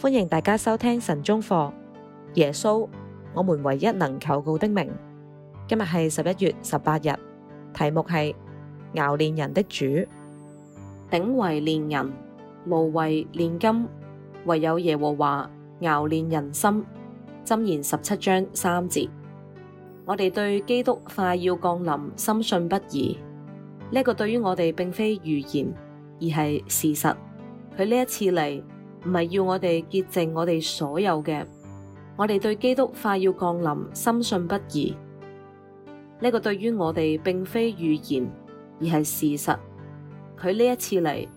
歡迎大家收聽晨鐘課，耶穌，我們唯一能求告的名。今日係十一月十八日，題目係熬煉人的主。鼎為煉銀，爐為煉金，唯有耶和華熬煉人心。箴言十七章三節。我哋對基督快要降臨深信不疑，呢個對於我哋並非預言，而係事實。佢呢一次嚟。唔係要我哋潔淨我哋所有嘅，我哋對基督快要降臨深信不疑。呢、這個對於我哋並非預言，而係事實。佢呢一次嚟，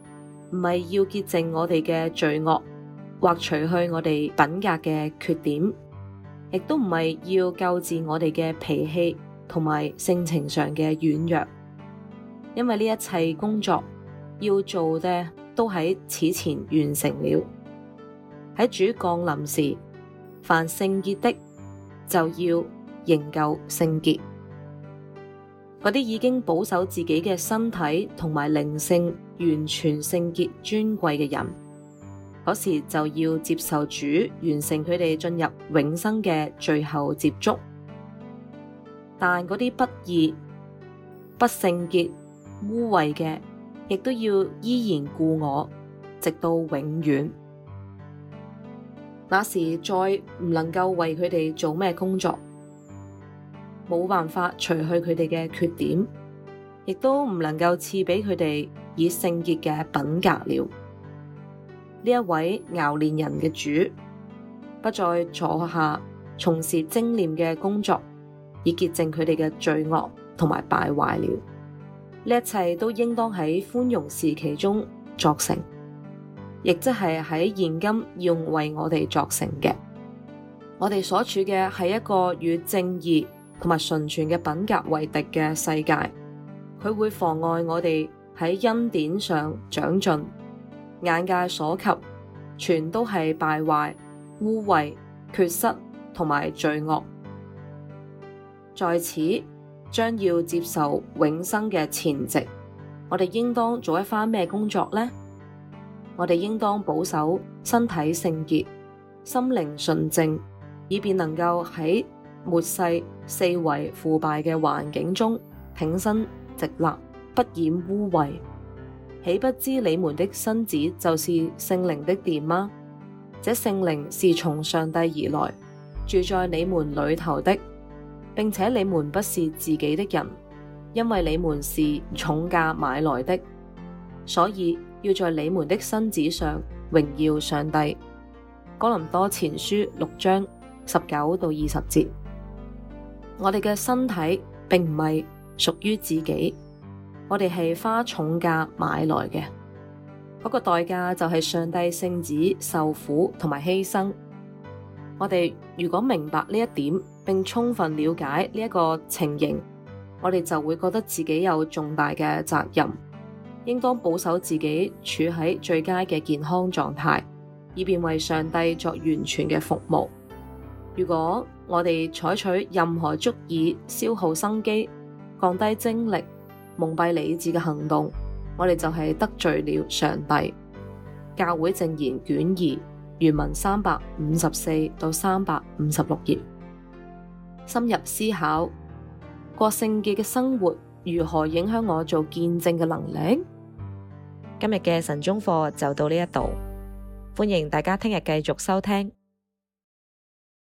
唔係要潔淨我哋嘅罪惡，或除去我哋品格嘅缺點，亦都唔係要救治我哋嘅脾氣同埋性情上嘅軟弱。因為呢一切工作要做嘅。都喺此前完成了。喺主降臨時，凡聖潔的就要仍舊聖潔。嗰啲已經保守自己嘅身體同埋靈性完全聖潔尊貴嘅人，嗰時就要接受主完成佢哋進入永生嘅最後接觸。但嗰啲不義、不聖潔、污穢嘅，亦都要依然故我，直到永遠。那時再唔能夠為佢哋做咩工作，冇辦法除去佢哋嘅缺點，亦都唔能夠賜俾佢哋以聖潔嘅品格了。呢一位熬煉人嘅主，不再坐下從事精煉嘅工作，以潔淨佢哋嘅罪惡同埋敗壞了。呢一切都應當喺寬容時期中作成，亦即係喺現今要為我哋作成嘅。我哋所處嘅係一個與正義同埋純全嘅品格為敵嘅世界，佢會妨礙我哋喺恩典上長進。眼界所及，全都係敗壞、污穢、缺失同埋罪惡，在此。將要接受永生嘅前夕，我哋應當做一番咩工作呢？我哋應當保守身體聖潔，心靈純正，以便能夠喺末世四圍腐敗嘅環境中挺身直立，不染污穢。豈不知你們的身子就是聖靈的殿嗎？這聖靈是從上帝而來，住在你們裏頭的。並且你們不是自己的人，因為你們是重價買來的，所以要在你們的身子上榮耀上帝。哥林多前書六章十九到二十節。我哋嘅身體並唔係屬於自己，我哋係花重價買來嘅，嗰個代價就係上帝聖子受苦同埋犧牲。我哋如果明白呢一點，並充分了解呢一個情形，我哋就會覺得自己有重大嘅責任，應當保守自己處喺最佳嘅健康狀態，以便為上帝作完全嘅服務。如果我哋採取任何足以消耗生機、降低精力、蒙蔽理智嘅行動，我哋就係得罪了上帝。教會證言卷二原文三百五十四到三百五十六頁。深入思考過聖潔嘅生活如何影響我做見證嘅能力？今日嘅晨鐘課就到呢一度，歡迎大家聽日繼續收聽。